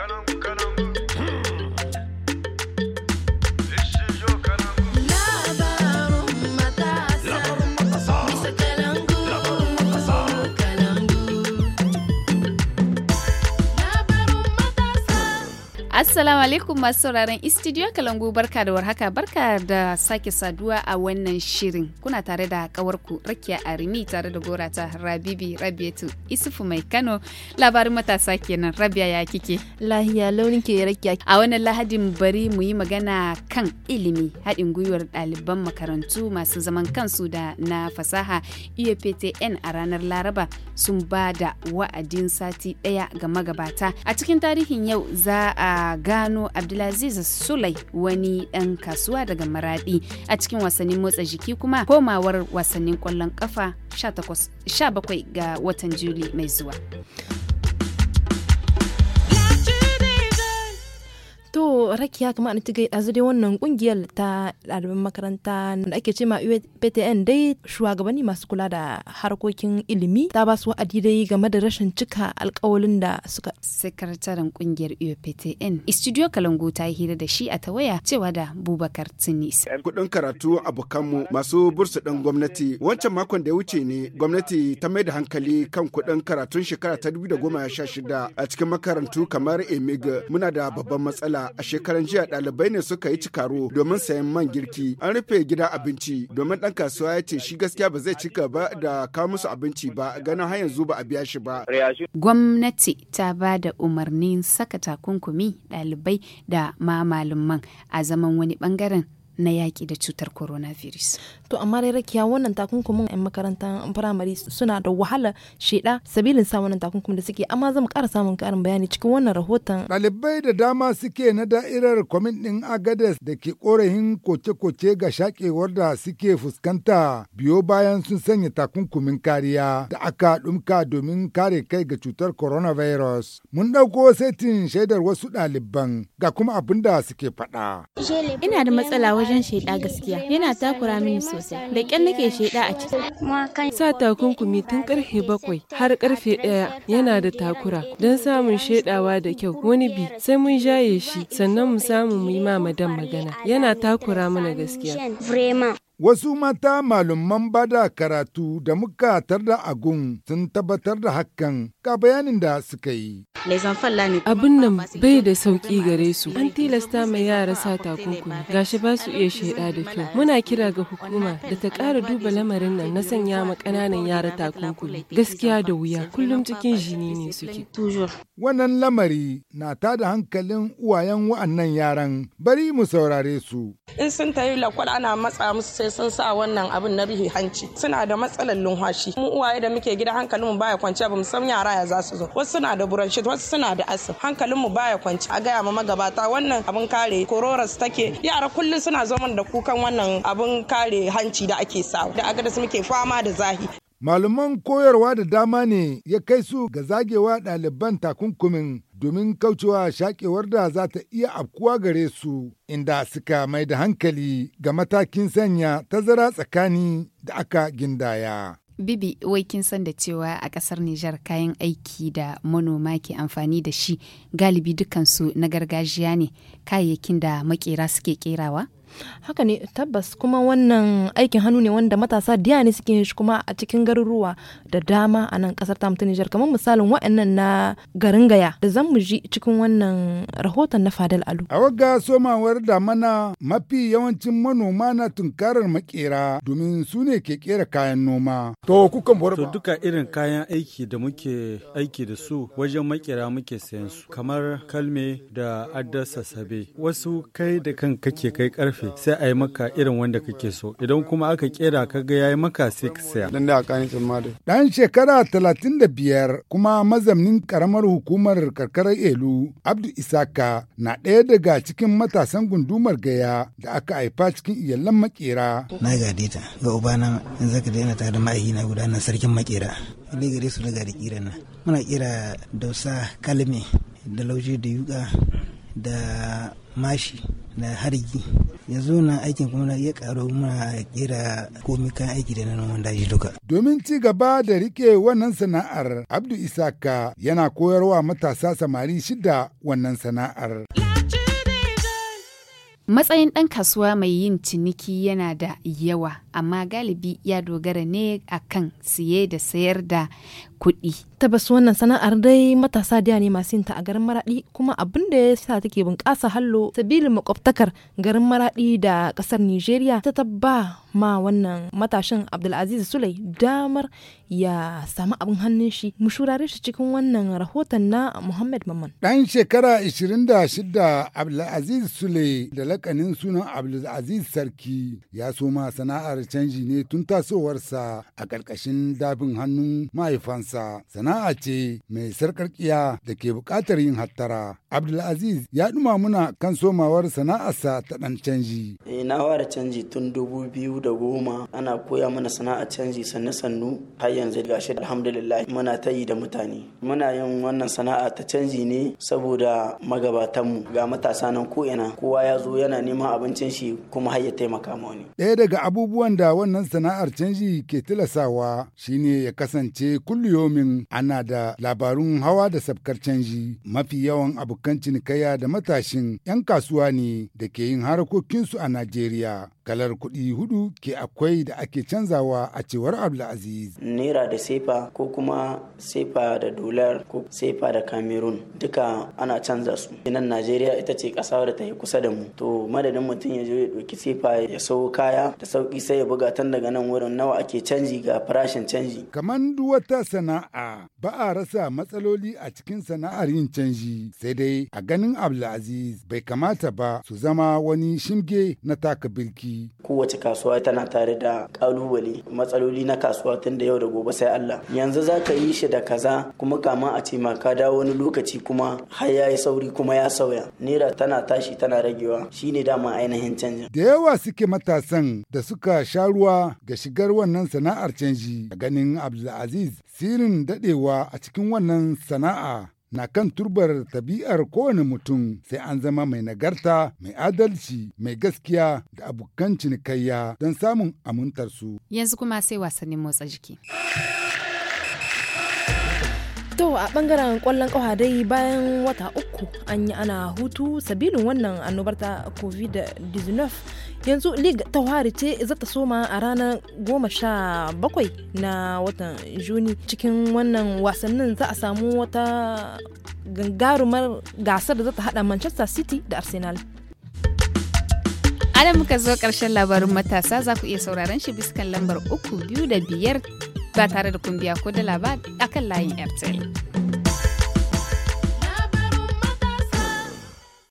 Tell them, Assalamu alaikum masu sauraron Istidiyo Kalangu barka da warhaka barka da sake saduwa a wannan shirin. Kuna tare da kawarku Rakiya Arimi tare da gorata Rabibi Rabiatu Isufu Mai Kano labarin matasa kenan Rabia ya kike. Lahiya launin ke Rakiya. A wannan Lahadin bari mu yi magana kan ilimi haɗin gwiwar ɗaliban makarantu masu zaman kansu da na fasaha UAPTN e a ranar Laraba sun ba da wa'adin sati ɗaya ga magabata. A cikin tarihin yau za a gano Abdulaziz Sulai wani ɗan kasuwa daga Maradi a cikin wasannin motsa jiki kuma komawar wasannin ƙwallon ƙafa 17 ga watan Juli mai zuwa. To rakiya kamar an tigai azu dai wannan kungiyar ta ɗaliban makaranta da ake ce ma ptn dai shugabanni masu kula da harkokin ilimi ta ba su wa'adi dai game da rashin cika alkawalin da suka sakataren kungiyar UPTN Studio kalangu ta yi hira da shi a tawaya cewa da Bubakar Tunis kudin karatu abokanmu masu bursu ɗin gwamnati wancan makon da ya wuce ne gwamnati ta mai da hankali kan kudin karatun shekara ta shida a cikin makarantu kamar Emig muna da babban matsala a shekaran jiya ɗalibai ne suka yi cikaro domin sayan man girki. An rufe gida abinci domin ɗan kasuwa ya ce shi gaskiya ba zai cika ba da kawo musu abinci ba ganin har yanzu ba a biya shi ba. Gwamnati ta ba da umarnin saka takunkumi ɗalibai da ma malaman a zaman wani bangaren. na yaƙi da cutar coronavirus. To amma dai rakiya wannan takunkumin 'yan makarantar firamare suna da wahala sheda sabilin sa wannan takunkumin da suke amma zan ƙara samun ƙarin bayani cikin wannan rahoton. Ɗalibai da dama suke na da'irar kwamin ɗin Agades da ke ƙorahin koce-koce ga shaƙewar da suke fuskanta biyo bayan sun sanya takunkumin kariya da aka ɗumka domin kare kai ga cutar coronavirus. Mun ɗauko setin shaidar wasu ɗaliban ga kuma abin da suke faɗa. Ina da matsala wajen wajen shaida gaskiya yana takura mini sosai da kyan nake shaida a ciki sa takunkumi tun karfe bakwai har karfe daya yana da takura don samun shaidawa da kyau wani bi sai mun jaye shi sannan mu samu mu yi ma madan magana yana takura mana gaskiya Wasu mata malumman da karatu da muka tarda a gun sun tabbatar da hakan ga bayanin da suka yi. Abin nan bai da sauƙi gare su. An tilasta mai yara sa takunkumi gashi ba su iya shaida da kyau. Muna kira ga hukuma da ta ƙara duba lamarin nan na sanya ma ƙananan yara takunkumi. Gaskiya da wuya kullum cikin jini ne suke. Wannan lamari na tada hankalin uwayen wa'annan yaran bari mu saurare su. In sun tayi lakwal ana matsa musu sai sun sa wannan abin na bihi hanci suna da matsalar lumhashi mu uwaye da muke gida hankalin mu baya ba bamu san yara ya za su zo wasu suna da bronchit wasu suna da hankalin hankalinmu baya kwanci a gaya ma magabata wannan abin kare kororas take yara kullum suna zo da kukan wannan abin kare hanci da ake sawa da su muke fama da zahi Malaman koyarwa da dama ne ya kai su ga zagewa ɗaliban takunkumin domin kaucewa shaƙewar da za ta iya afkuwa gare su inda suka mai da hankali ga matakin sanya tazara tsakani da aka gindaya. Bibi, wai kin san da cewa a ƙasar Nijar kayan aiki da manoma ke amfani da shi galibi dukansu na gargajiya ne kayayyakin da makera suke kerawa? haka ne tabbas kuma wannan aikin hannu ne wanda matasa diya ne suke yin shi kuma a cikin garuruwa da dama a nan kasar tamu ta Nijar kamar misalin waɗannan na garin Gaya da zan mu ji cikin wannan rahoton na Fadal Alu a waga somawar damana mafi yawancin manoma na tunkarar makera domin su ne ke kera kayan noma to kukan to duka irin kayan aiki da muke aiki da su wajen makera muke sayan su kamar kalme da adda sassabe wasu kai da kan kake kai karfe karfe sai a yi maka irin wanda kake so idan kuma aka kera ka ga yayi maka sai ka saya. Dan shekara talatin da biyar kuma mazamnin karamar hukumar karkarar Elu Abdu Isaka na ɗaya daga cikin matasan gundumar gaya da aka haifa cikin iyalan makera. Na gade ta ga ubana in zaka daina tare da ma'ayi na sarkin makera. Ile gare su na gari kira nan. Muna kira dausa kalme da lauje da yuka da mashi da hargi yanzu nan aikin kuma na iya karo muna kera komi kan aiki da nan wanda shi duka. Domin ci gaba da rike wannan sana'ar Abdu Isaka yana koyarwa matasa samari shida wannan sana'ar. Matsayin ɗan kasuwa mai yin ciniki yana da yawa, amma galibi ya dogara ne akan siye da sayar da kuɗi. Tabbas wannan sana'ar dai matasa da ne masu yin ta a garin Maraɗi kuma abin da ya sa take bunƙasa hallo sabilin makwabtakar garin Maraɗi da ƙasar Nijeriya ta tabba ma wannan matashin Abdulaziz Sulai damar ya samu abin hannun shi mu shurare shi cikin wannan rahoton na Muhammad Maman. Ɗan shekara 26 Abdulaziz Sulai da lakanin sunan Abdulaziz Sarki ya soma sana'ar canji ne tun tasowarsa a ƙarƙashin dafin hannun mahaifansa. kansa sana'a ce mai sarƙarƙiya da ke buƙatar yin hattara. Abdulaziz ya ɗuma muna kan somawar sana'arsa ta ɗan canji. Eh, na fara canji tun dubu biyu da goma ana koya mana sana'ar canji sannu sannu har yanzu gashi alhamdulillah muna ta yi da mutane. Muna yin wannan sana'a ta canji ne saboda magabatanmu ga matasa nan ko ina kowa ya zo yana neman abincin shi kuma har ya taimaka ma wani. Ɗaya daga abubuwan da wannan sana'ar canji ke tilasawa shine ya kasance kulliyomin ana da labarun hawa da sabkar canji mafi yawan abu abokan cinikayya da matashin 'yan kasuwa ne da ke yin harkokinsu a Najeriya. kalar kuɗi hudu ke akwai da ake canzawa a cewar abdulaziz naira da sefa ko kuma sefa da dolar ko sefa da cameroon duka ana canza su nan najeriya ita ce ƙasa da ta yi kusa da mu to madadin mutum ya je ya ɗauki sefa ya sau kaya da sauƙi sai ya buga tan daga nan wurin nawa ake canji ga farashin canji kamar duk wata sana'a ba a rasa matsaloli a cikin sana'ar yin canji sai dai a ganin abdulaziz bai kamata ba su zama wani shimge na taka birki kowace kasuwa tana tare da kalubale matsaloli na kasuwa tun da yau da gobe sai Allah yanzu za ka yi shi da kaza kuma kama a ce ma ka dawo wani lokaci kuma har ya yi sauri kuma ya sauya naira tana tashi tana ragewa shine dama ainihin canji. da yawa suke matasan da suka sha ruwa ga shigar wannan sana'ar canji ganin Abdulaziz sirrin dadewa a cikin wannan sana'a na kan turbar tabi'ar kowane mutum sai an zama mai nagarta, mai adalci, mai gaskiya da abokan cinikayya don samun amintarsu. Yanzu kuma sai wasannin motsa jiki. To a bangaren kwallon kawa dai bayan wata uku an yi ana hutu sabilin wannan annobar ta COVID-19 yanzu league ta wari ce za ta soma a ranar goma sha bakwai na watan Juni cikin wannan wasannin za a samu wata gangarumar gasar da za ta hada Manchester City da Arsenal. Ana muka zo ƙarshen labarin matasa za ku iya sauraron shi biskan lambar uku biyu da biyar ba tare da kun biya ko dala ba akan layin airtel